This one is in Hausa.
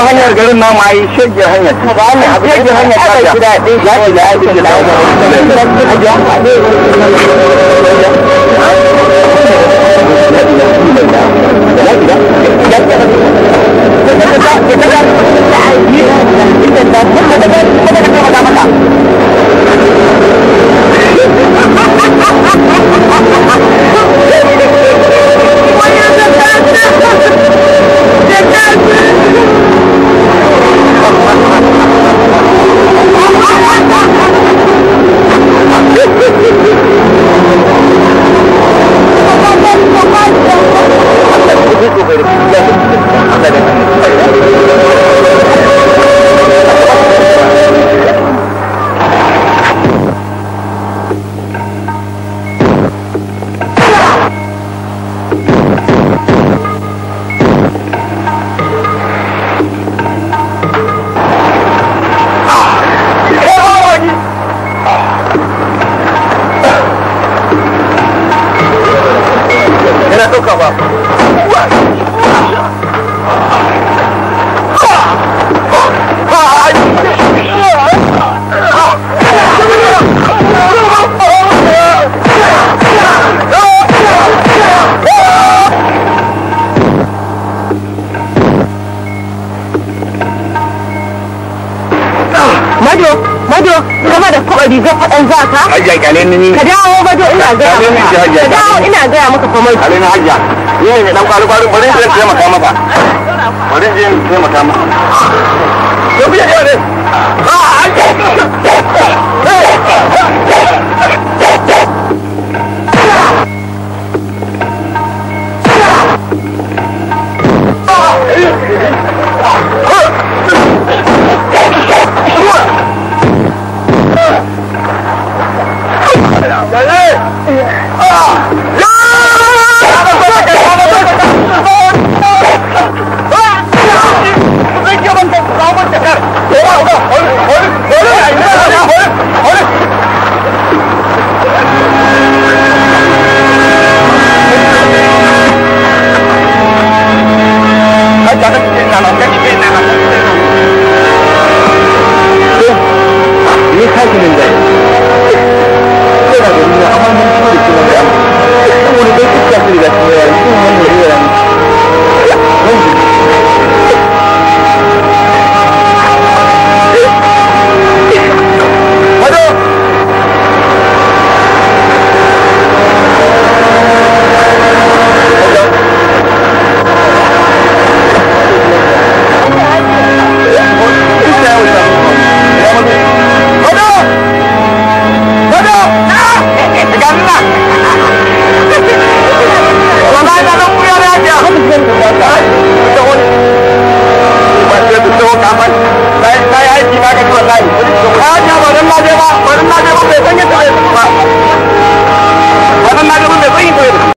kuma hanyar garin na ma yi shege hanyar ta ba ne abu shege hanyar ta ya ya ki da ya ake da ya ake da What? What? rigar faɗan za ka? Hajja kyale ni. Ka dawo gado ina gaya maka. Ka dawo ina gaya maka kuma. Kyale ni hajja. Ni ne dan kwaru kwaru bari in taimaka maka. Bari in taimaka maka. biya wallahi hanya ba dan lafiya ba ba dan lafiya ba bai san yadda ba ba